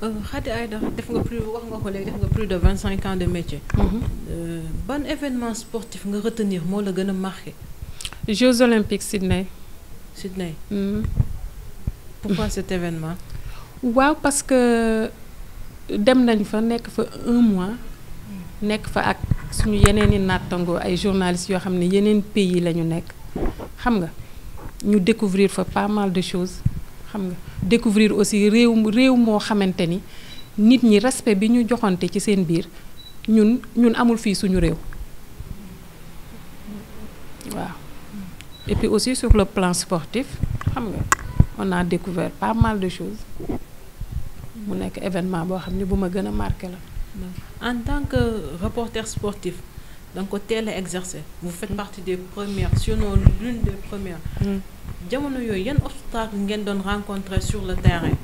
Euh, ay Aïda def nga plus wax nga ko léegi def nga plus de vingt cinq ans de métier. Mhm. Euh, ban événement sportif nga retenir moo la gën a marqué. Jeux olympiques Sydney. Sydney. Mhm. pourquoi cet événement. waaw parce que dem nañ fa nekk fa un mois. nekk fa ak suñu yeneen i nattangoo ay journalistes yoo xam ne yeneen pays la ñu nekk xam nga ñu découvrir fa pas mal de choses. xam nga découvrir aussi réew réew moo xamante ni nit ñi respect bi ñu joxante ci seen biir ñun ñun amul fii suñu réew waaw et puis aussi sur le plan sportif xam nga on naa découvert pas mal de choses mu nekk événement boo xam ne bu ma gën a marqué la. en tant que reporter sportif da ko teel a exercer vous faites partie des premières sinon l'une des premières. Hmm. jamono yooyu yan obstacle ngeen doon rencontrer sur le terrain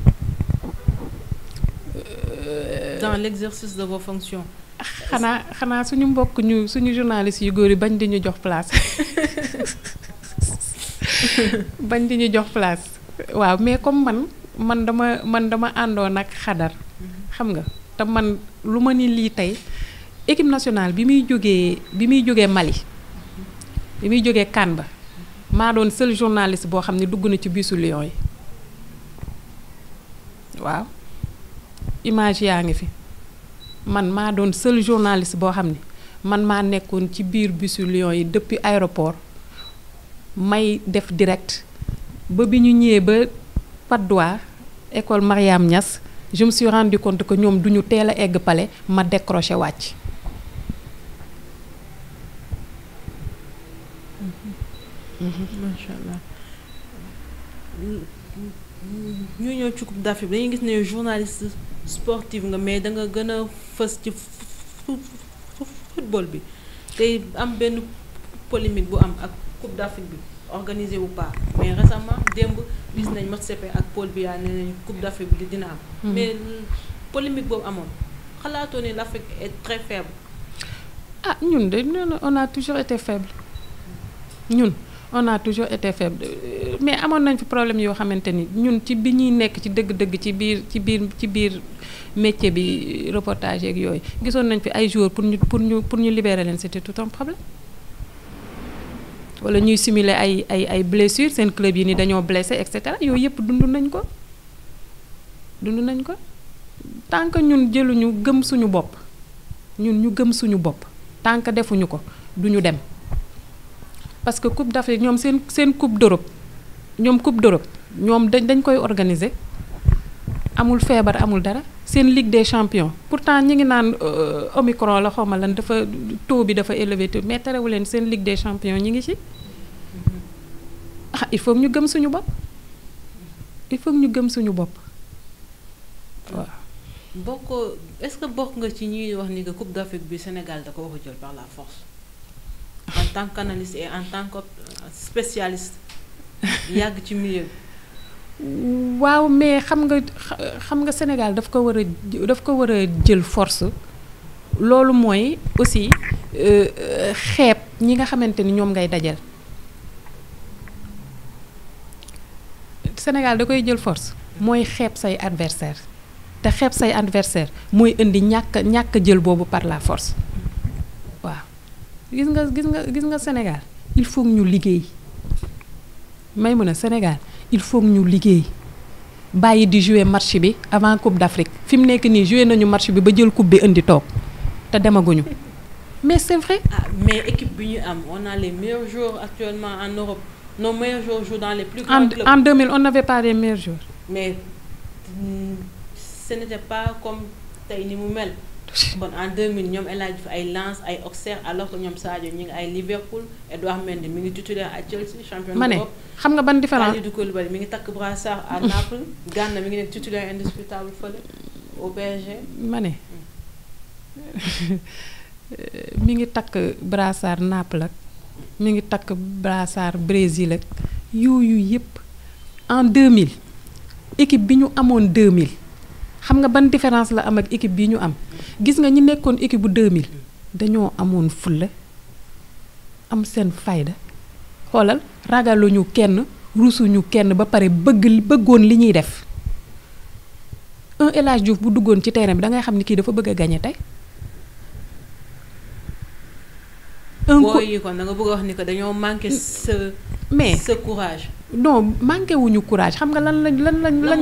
euh, dans l'exercice de vos fonctions xanaa xanaa suñu mbokk ñu suñu journaliste yu góor yi bañ di ñu jox place bañ di ñu jox place waaw mais comme man man dama man dama àndoon ak xadar mm-hmm. xam nga te man lu ma ni lii tey équipe nationale bi muy jógee bi muy jógee Mali bi muy jógee CAN ba maa doon seul journaliste boo xam ne dugg na ci bisu Lions yi waaw image yaa ngi fi man maa doon sël journaliste boo xam ne man maa nekkoon ci biir bisu Lions yi depuis aéroport may def direct ba bi ñu ñëwee ba Patte d'Oie école Mariam Niass je me suis rendu ñoom du ñu teel a egg palais ma décroché wàcc. Mm-hmm. macha allah. ñu ñëw ci Coupe d'Afrique dañuy gis ne journaliste sportive nga mais danga gën a fës ci football bi tey am benn polémique bu am ak Coupe d'Afrique bi organisé ou pas mais récemment démb gis nañ Matsepe ak Paul Biya ne nañ Coupe d'Afrique bi dina am. Mm-hmm. mais polémique boobu amoon xalaatoo ne l'Afrique est très faible. ah ñun de on a toujours été faible ñun. on toujours été faible euh, mais amoon nañ fi problème yoo xamante ni ñun ci bi ñuy nekk ci dëgg-dëgg ci biir ci biir ci biir métier bi reportage yeeg yooyu gisoon nañ fi ay jours pour ñu pour ñu pour ñu libérer leen c'était tout un problème wala ñuy simuler ay ay ay blessures seen club yi ni dañoo blessé et cetera yooyu yëpp dund nañ ko dund nañ ko tant que ñun jëluñu gëm suñu bopp ñun ñu gëm suñu bopp tant que defuñu ko duñu dem parce que coupe d'Afrique ñoom seen seen coupe d'Europe ñoom coupe d'Europe ñoom dañ dañ koy organiser amul feebar amul dara seen ligue des champions pourtant ñi ngi naan euh, omicron la xawma lan dafa taux bi dafa élevé te mais terewu leen seen ligue des champions ñi ngi ci ah il faut ñu gëm suñu bopp il faut ñu gëm suñu bopp waaw. bokk est-ce que bokk nga ci ñuy wax ni que coupe d'Afrique bi Sénégal da ko wax jël par la force. tant qu'analyste et en tant que euh, spécialiste yàgg ci milieu waaw mais xam nga xam nga Sénégal daf ko war a daf ko war a jël force loolu mooy aussi euh, xeeb ñi nga xamante ni ñoom ngay dajal Sénégal da koy jël force mooy xeep say adversaire te xeep say adversaire mooy indi ñàkk ñàkk jël boobu par la force gis nga gis nga gis nga Sénégal il faut ñu liggéey may mun a Sénégal il faut ñu liggéey bàyyi di jouer match bi avant coupe d'Afrique fi mu nekk nii jouer nañu match bi ba jël coupe bi indi toog te demaguñu mais c'est vrai. ah mais équipe bi ñu am on a les meilleurs joueurs actuellement en Europe nos meilleurs joueurs jouent dans les en en 2000 on n'avait pas les meilleurs mais mm, ce n'était pas comme tey ni mu mel. kon en 2000 ñoom El Hadji Diouf ay Lens ay Auxerre alors ñu ngi ay Liverpool Edouard Mendy mi ngi titulaire à Chelsea champion ma ne xam nga ban différence Kalidou Koulibaly mi ngi takk brassard à Naples Gana mi ngi nekk titulaire indiscutable fële au PSG ma ne mi ngi takk brassard Naples ak mi ngi takk brassard Brésil ak yooyu yëpp en mille équipe bi ñu amoon deux 2000 xam nga ban différence la am ak équipe bi ñu am gis nga ñi nekkoon équipe bu 2000 dañoo amoon fulla am seen fayda xoolal ragaluñu kenn rusuñu kenn ba pare bëgg bëggoon li ñuy def un El Hadj bu duggoon ci terrain bi da ngay xam ni kii dafa bëgg a gagné tey. un ko booy yi kon nanga bëgg a wax ni que dañoo manqué sa. mais sa courage. non manqué wuñu courage xam nga lan lañ lan lañ lan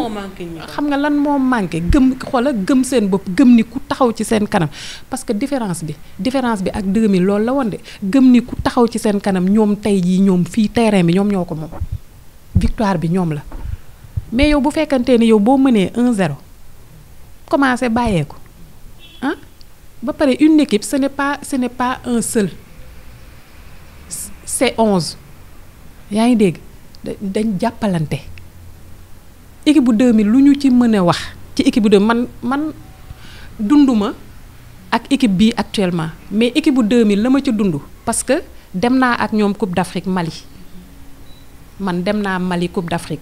xam nga lan moom manqué gëm xoola gëm seen bopp gëm ni ku taxaw ci seen kanam parce que différence bi différence bi ak 2000 loolu la woon de gëm ni ku taxaw ci seen kanam ñoom tey jii ñoom fii terrain bi ñoom ñoo ko moom victoire bi ñoom la mais yow bu fekkante ni yow boo mënee un 0 commencé bàyyee ko ah ba pare une équipe ce n'est pas pas un seul c'est 11 yaa ngi dégg dañ jàppalante équipe bu 2000 lu ñu ci mën a wax ci équipe bu 2000 man man dunduma ak équipe bii actuellement mais équipe bu 2000 la ma ca dund parce que dem naa ak ñoom Coupe d'Afrique Mali man dem naa Mali Coupe d'Afrique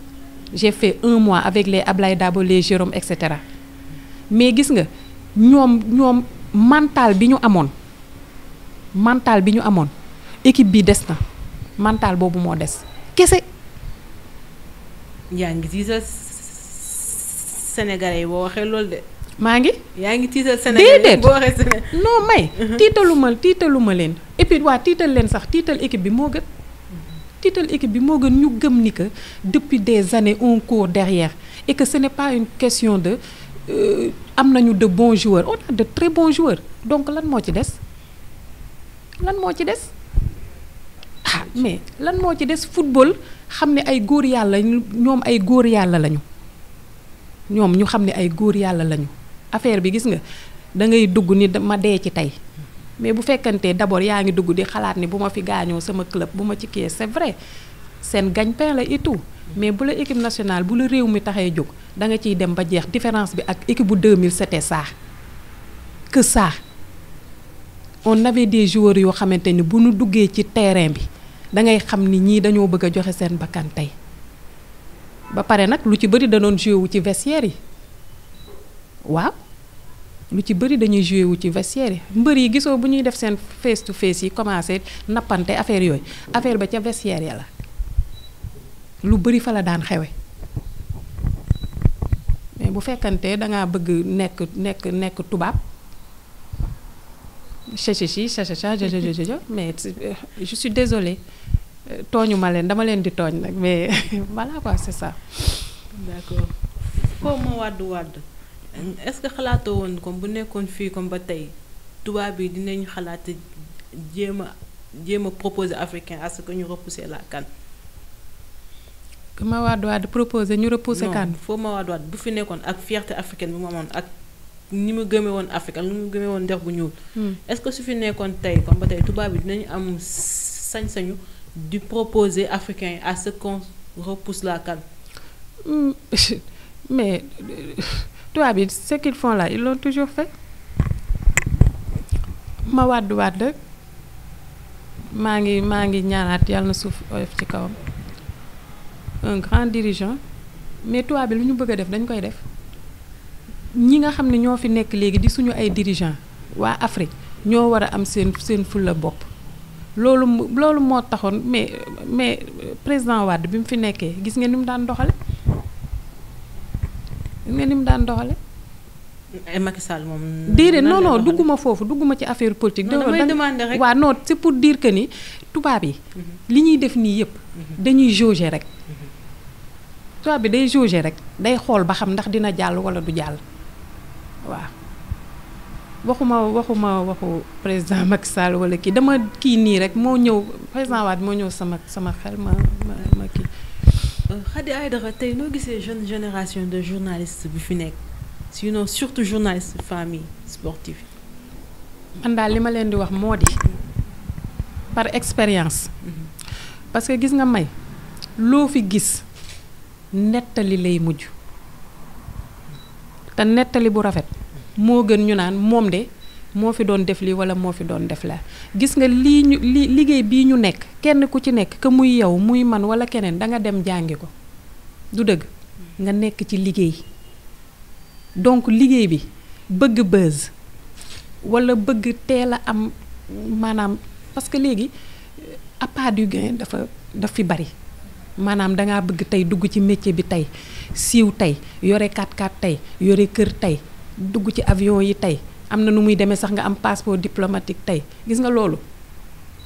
j'ai fait un mois avec les Ablaye Dabo les Jérôme et cetera mais gis nga ñoom ñoom mental bi ñu amoon mental bi ñu amoon équipe bi des na mental boobu moo des kese yaa ngi tiital sénégalais yi boo waxee loolu de. maa ngi. yaa ngi tiital sénégalais yi boo waxee sénégalais non may. tiitaluma tiitaluma leen et waa tiital leen sax tiital équipe bi moo gën. tiital équipe bi moo gën ñu gëm ni que depuis des années on court derrière et que ce n'est pas une question de euh, am nañu de bons joueurs on a de très bons joueurs donc lan moo ci des lan moo ci des. Ah, mais lan moo ci des football xam ne ay góor yàlla ñoom ay góor yàlla lañu ñoom ñu xam ne ay góor yàlla lañu affaire bi gis nga dangay dugg ni ma dee ci tey mais bu fekkantee d'abord yaa ngi dugg di xalaat ni bu ma fi gaañoo sama club bu ma ci kii c'est vrai seen gagne-pain la et tout mais bu la équipe nationale bu la réew mi taxee jóg danga ciy dem ba jeex différence bi ak équipe bu 2000 c'était ça que ça on avait des joueurs yoo xamante ni bu nu duggee ci terrain bi. da ngay xam ni ñii dañoo bëgg a joxe seen bakkan ba pare nag lu ci bëri danoon doon wu ci vestiaire yi waaw lu ci bëri dañuy joué wu ci vestiaire yi mbër yi gisoo bu ñuy def seen face to face yi commencé nappante affaire yooyu affaire ba ca vestiaire ya la lu bëri fa la daan xewe mais bu fekkante dangaa bëgg nekk nekk nekk tubaab chachichi chachacha jajajaja mais je suis désolée tooñu ma leen dama leen di tooñ nag mais voilà quoi c'est ça. d'accord foo ma wàdd wàdd est-ce que xalaatoo woon comme bu nekkoon fii comme ba tey tubaab yi dinañ xalaat jéem a jéem a proposer africain à ce que ñu repousser la CAN. que ma wàdd wàdd proposer ñu repousser CAN. foo ma wàdd wàdd bu fi nekkoon ak fierté africaine bi mu amoon ak. ni mu gëmee woon Afrique ni mu gëmee woon ndex bu ñuul. Hmm. est-ce que su fi nekkoon tey kon ba tey tubaab bi dinañu am sañ-sañu di proposer africain yi à ce qu'on repousse la CAN. Hmm. mais euh, tubaab yi ce qu'ils font là ils toujours fait ma wàdd wàdd rek maa ngi maa ngi ñaanaat yàlla na suuf oyof ci kawam un grand dirigeant mais tubaab yi lu ñu bëgg a def dañ koy def. ñi nga xam ne ñoo fi nekk léegi di suñu ay dirigeants waa Afrique ñoo war a am seen seen fulla bopp loolu loolu moo taxoon mais mais président Wade bi mu fi nekkee gis nga ni mu daan doxale gis nga mu daan doxale ay eh, Macky Sall moom. déedéet non non dugguma foofu dugguma ci affaire politique. non damay demander rek waaw non c'est pour dire que ni tubaab yi. Mhm. li ñuy def nii yëpp. Mhm. dañuy jauger rek. Mhm. tubaab bi day jauger rek day xool ba xam ndax dina jàll wala du jàll. waaw waxuma waxuma waxu président Macky Sall wala kii dama kii nii rek moo ñëw président Wade moo ñëw sama sama xel ma ma ma kii. Euh, Khady Aïdara tey noo gisee jeune génération de journalistes bi fi nekk sinon surtout journalistes famille sportive. man daal li ma leen di wax moo di par expérience. Mm-hmm. parce que gis nga may loo fi gis nettali lay mujj. te nettali bu rafet moo gën ñu naan moom de moo fi doon def li wala moo fi doon def la gis nga lii ñu li liggéey bii ñu nekk kenn ku ci nekk que muy yow muy man wala keneen da nga dem jàngi ko du dëgg nga nekk ci liggéey donc liggéey bi bëgg buzz wala bëgg teel a am maanaam parce que léegi euh, appât yu gain dafa daf fi bari maanaam dangaa bëgg tey dugg ci métier bi tey siiw tey yore 4 x tey yore kër tey dugg ci avion yi tey am na nu muy demee sax nga am passeport diplomatique tey gis nga loolu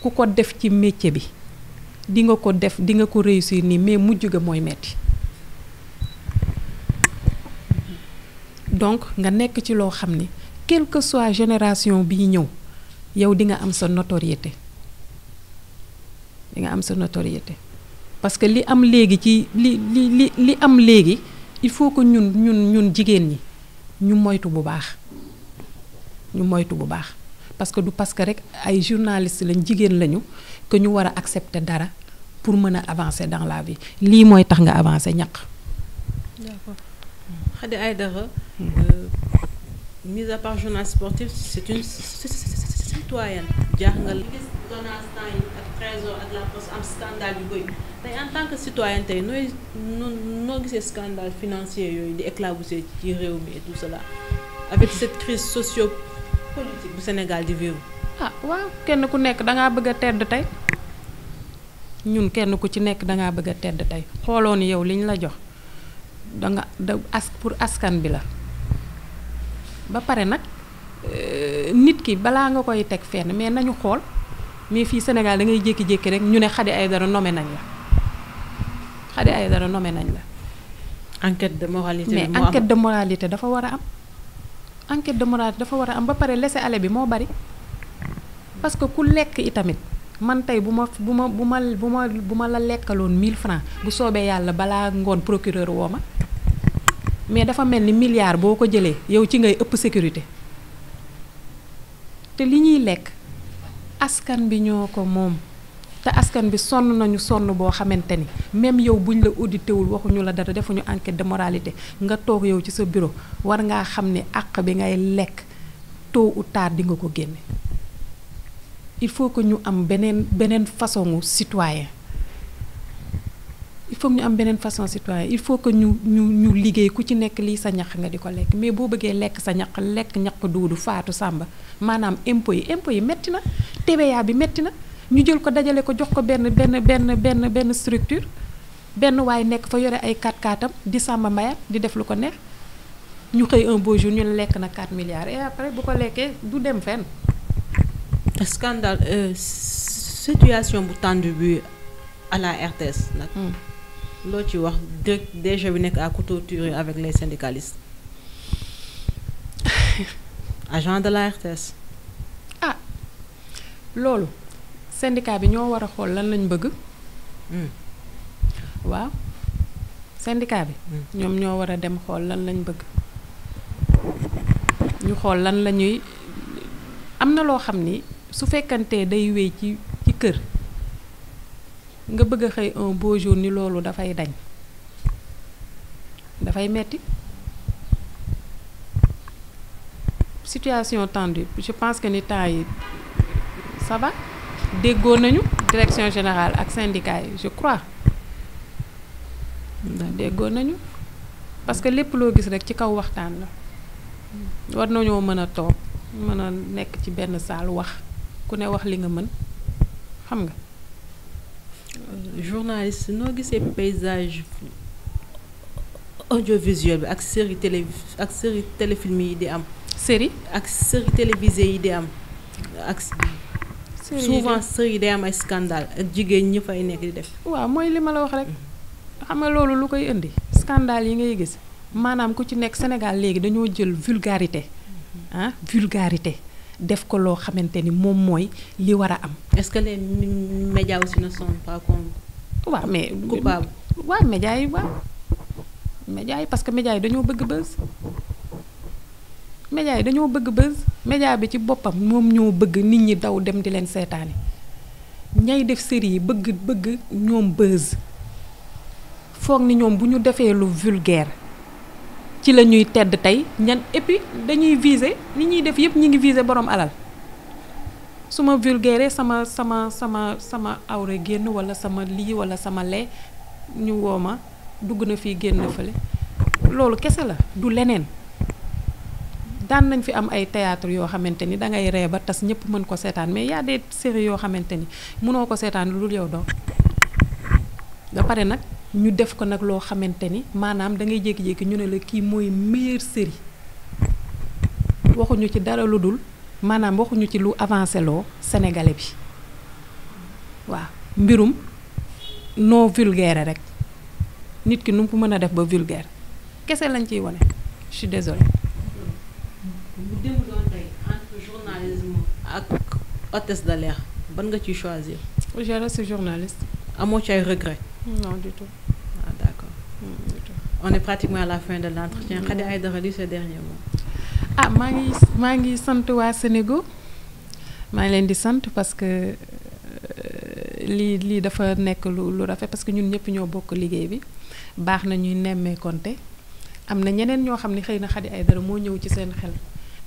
ku ko def ci métier bi di nga ko def di nga ko réussir nii mais mujj ga mooy metti donc nga nekk ci loo xam ni quelque que soit génération bii ñëw yow di nga am sa notoriété di nga am sa notoriété parce que li am léegi ci li li li li am léegi il faut que ñun ñun ñun jigéen ñi ñu moytu bu baax ñu moytu bu baax parce que du parce que rek ay journaliste lañ jigéen lañu que ñu war a accepter dara pour mën a avancer dans la vie lii mooy tax nga avancé ñaq. d'accord Khady Aïdara. Hmm. Euh, mise à part journal sportif c'est une citoyenne jaaxal. Lonase temps yi ak Trésor ak La Poste am scandale yu bëri tey en tant que citoyen tey nooy noo gisee scandale financier yooyu di éclaboussé ci réew mi et tout cela socio-politique di vivre. ah waaw kenn ku nekk da ngaa bëgg a tedd tey ñun kenn ku ci nekk da ngaa bëgg a tedd tey xooloon yow liñ la jox da da as pour askan bi la ba pare nag euh, nit ki balaa nga koy teg fenn mais nañu xool. mais fii Sénégal da ngay jékki-jékki rek ñu ne ay dara nommé nañ la ay dara nommé nañ la. enquête de moralité mais enquête de moralité dafa war a am. enquête de moralité dafa war a am ba pare lese aller bi moo bari parce que ku lekk itamit man tey bu ma bu ma bu ma bu ma la lekkaloon 1000 francs bu soobee yàlla balaa ngoon procureur woo ma mais dafa mel ni milliard boo ko jëlee yow ci ngay ëpp sécurité te li ñuy lekk. askan bi ñoo ko moom te askan bi sonn nañu sonn boo xamante ni même yow buñ la audité wul waxuñu la dara defuñu enquête de moralité nga toog yow ci sa biro war ngaa xam ni àq bi ngay lekk tôt ou tard di nga ko génne il faut que ñu am beneen beneen façon citoyen il faut ñu am beneen façon citoyen il faut que ñu ñu ñu liggéey ku ci nekk lii sa ñax nga di ko lekk mais boo bëggee lekk sa ñaq lekk ñaq duudu faatu sàmba maanaam impôt yi impôt yi métti na TVA bi métti na ñu jël ko dajale ko jox ko benn benn benn benn benn structure benn waaye nekk fa yore ay 4 x di sàmba mbayat di def lu ko neex ñu xëy un beau jour ñu lekk na 4 milliards et après bu ko lekkee du dem fenn. scandale euh, situation bu tendu bi à RTS nag. Hmm. loo ci wax dé DG bi nekk à couteau tiré avec les syndicalistes agent de la RTS. ah loolu syndicat bi ñoo war a xool lan lañu bëgg. Hmm. waaw syndicat bi. Hmm. ñoom ñoo war a dem xool lan lañ bëgg. ñu xool lan la ñuy am na loo xam ni su fekkantee day wéy ci ci kër. nga bëgg xëy un beau jour ni loolu dafay dañ dafay metti situation tendue je pense que ni temps yi saba va déggoo nañu direction général ak syndicat yi je crois déggoo nañu parce que lépp loo gis rek ci kaw waxtaan la war nañoo mën a toog mën a nekk ci benn saal wax ku ne wax li nga mën xam nga journaliste noo gisee paysage audiovisuel bi ak série télé ak série téléfilm yi di am. série ak série télévisée yi di am ak. souvent série yi day am ay scandale ak jigéen ñi fay nekk di def. waaw mooy li ma la wax rek xam nga loolu lu koy indi. scandale yi ngay gis maanaam ku ci nekk Sénégal léegi dañoo jël vulgarité ah vulgarité. def ko loo xamante ni moom mooy li war a am. est-ce que les médias aussi ne sont pas waaw mais coupables waaw médias yi waaw. médias yi parce que médias yi dañoo bëgg buzz. médias yi dañoo bëgg buzz. média bi ci boppam moom ñoo bëgg nit ñi daw dem di leen seetaani ñay def série yi bëgg bëgg ñoom buzz foog ni ñoom bu ñu defee lu vulgaire. ci la ñuy tedd tey ñan et dañuy viser ni ñuy def yëpp ñu ngi viser borom alal su ma vulgaire sama sama sama sama awre génn wala sama lii wala sama lee ñu woo ma dugg na fii génn fële loolu kese la du leneen daan nañ fi am ay théâtre yoo xamante ni dangay ree ba tas ñëpp mën ko seetaan mais y a des yoo xamante ni munoo ko seetaan lu dul yow doo pare nag. ñu def ko nag loo xamante ni maanaam da ngay jékki-jékki ñu ne la kii mooy meilleure série waxuñu ci dara lu dul maanaam waxuñu ci lu avancé loo sénégalais bi waaw mbirum non vulgaire rek nit ki nu mu ko mën a def ba vulgaire kese lañ ciy wane je suis désolée. bu démb doon tey ban nga ciy choisir. je reste amoo ci ay regret. non du tout. ah la fin de l' entretien Khady Aïdara li sa dernier mot. Ah, maa ngi maa ngi sant waa Sénégal maa ngi leen di sant parce que euh, lii lii dafa nekk lu lu rafet parce que ñun ñëpp ñoo bokk liggéey bi baax na ñuy nemmeekonte am na ñeneen ñoo xam ne xëy na Khady Aïdara moo ñëw ci seen xel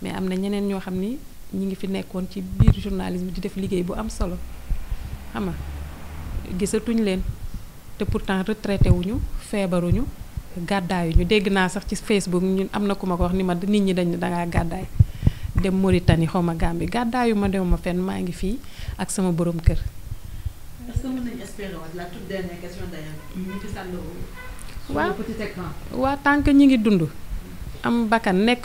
mais am na ñeneen ñoo xam ni ñu ngi fi nekkoon ci biir journalisme di def liggéey bu am solo xam gisatuñ leen. te pourtant retraité wuñu feebaruñu gàddaayu ñu dégg naa sax ci Facebook ñun am na ku ma ko wax ni ma nit ñi dañu dangaa gàddaay dem Mauritanie xaw ma Gambie gàddaayu ma dew ma maa ngi fii ak sama boroom kër. waa ce que tant que ñi ngi dund am bakkan nekk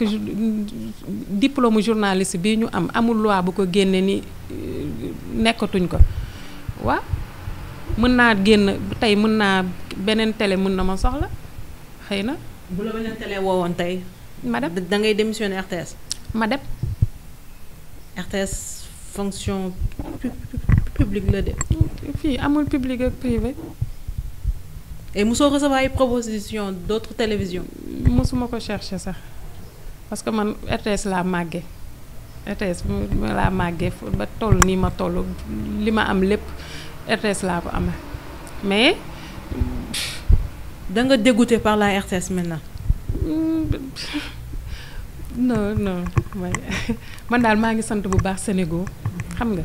diplôme journaliste bi ñu am amul loi bu ko génnee ni euh, nekkatuñ ko waaw mën naa génn tey mën naa beneen télé mun na ma soxla xëy na. bu la beneen télé woowoon tey. ma dem da ngay démissionner RTS. ma dem. RTS fonction publique la de. fii amul public ak privé. et mosoo recevoir ay proposition d'autres télévisions. mosuma ko chercher sax parce que man RTS laa màggee RTS laa màggee ba toll nii ma toll li ma am lépp. RTS laa ko amee mais da nga dégoûté par la RTS maintenant. Mm, non non man daal maa ngi sant bu baax Sénégal xam nga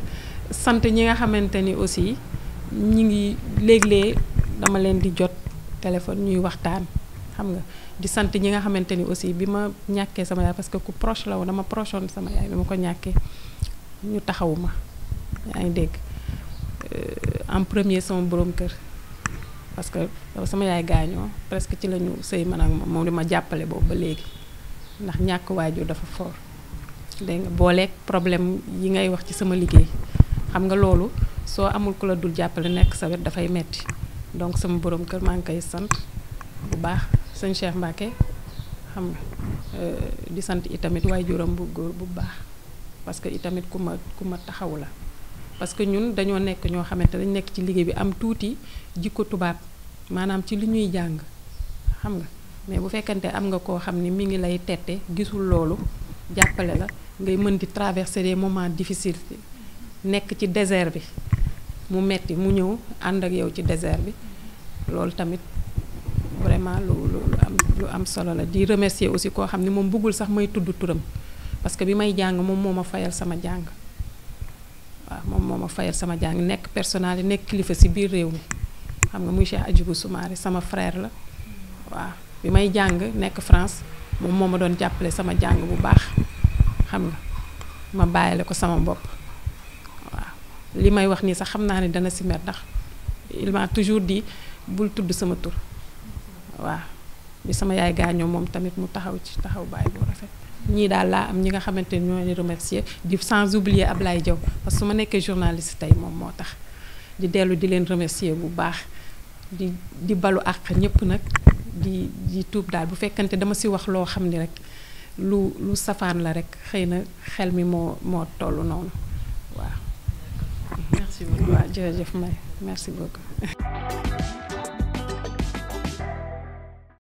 sant ñi nga xamante ni aussi ñi ngi léeg dama leen di jot téléphone ñuy waxtaan xam nga di sant ñi nga xamante ni aussi bi ma ñàkkee sama yaay parce que ku proche la woon dama prochoon sama yaay bi ma ko ñàkkee ñu taxawuma ma ngi dégg. Euh, en premier sama boroom kër parce que sama yaay gaañoo presque ci lañu ñu sëy man ak moom moom di ma jàppale boobu ba léegi ndax ñàkk waajur dafa fort dégg nga booleeg problème yi ngay wax ci sama liggéey xam nga loolu soo amul ku la dul jàppale nekk sa wet dafay metti donc sama borom kër maa ngi koy sant bu baax sëñ Cheikh Mbacke xam nga euh, di sant itamit waajuram bu góor bu baax parce que itamit ku ma ku ma taxawu la parce que ñun dañoo nekk ñoo xamante dañ nekk ci liggéey bi am tuuti jikko tubaab maanaam ci li ñuy jàng xam nga mais bu fekkante am nga koo xam ni mi ngi lay tette gisul loolu jàppale la ngay mën di traverser des moments difficiles nekk ci désert bi mu metti mu ñëw ànd ak yow ci désert bi loolu tamit vraiment lu lu am lu am solo la di remercier aussi koo xam ni moom bëggul sax may tudd turam parce que bi may jàng moom moo ma fayal sama jàng waaw moom moo ma fayal sama jàng nekk yi nekk kilifa si biir réew mi xam nga muy Cheikh Adjibou Soumaré sama frère la waaw bi may jàng nekk France moom moo ma doon jàppale sama jàng bu baax xam nga ma bàyyile ko sama bopp waaw li may wax nii sax xam naa ni dana si mer ndax toujours di bul tudd sama tur waaw bi sama yaay gaañoo moom tamit mu taxaw ci taxaw baay bu rafet ñii daal laa am ñi nga xamante ni ñoo remercier di sans oublier Ablaye Diaw parce que su ma nekkee journaliste tey moom moo tax di dellu di leen remercier bu baax di di balu àq ñëpp nag di di tuub daal bu fekkante dama si wax loo xam ni rek lu lu safaan la rek xëy na xel mi moo moo toll noonu waaw. merci beaucoup jërëjëf May merci beaucoup.